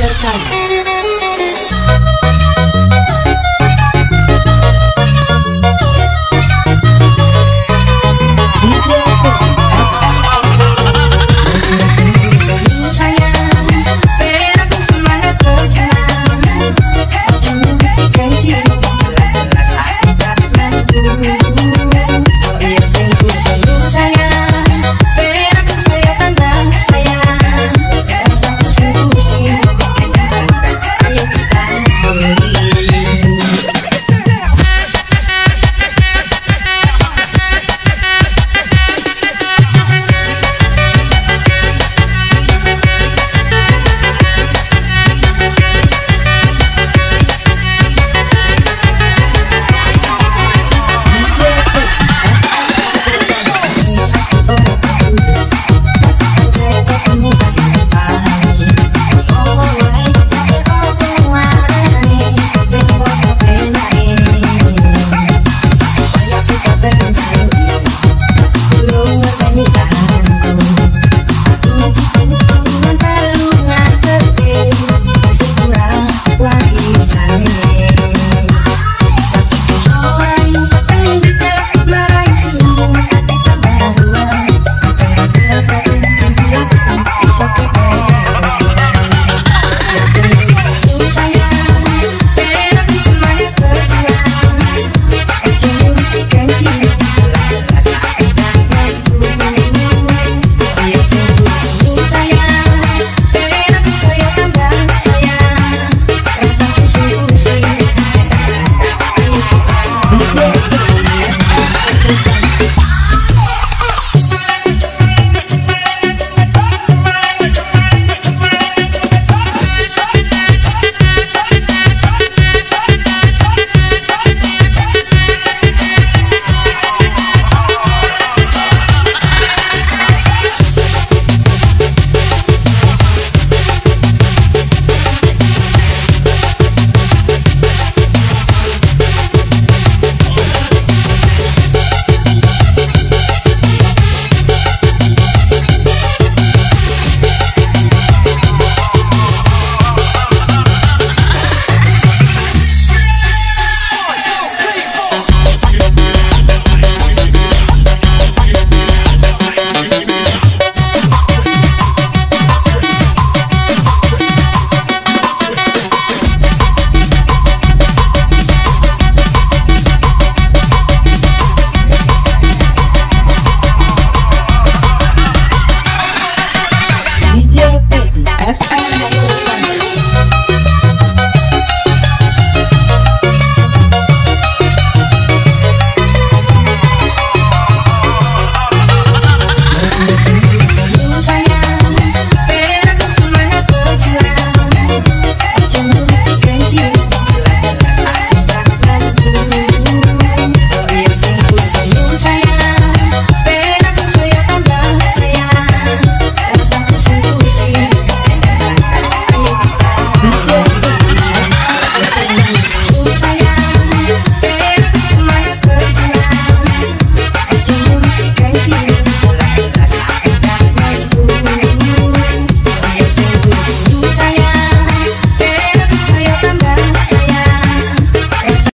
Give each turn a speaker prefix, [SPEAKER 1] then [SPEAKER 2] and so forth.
[SPEAKER 1] Caixa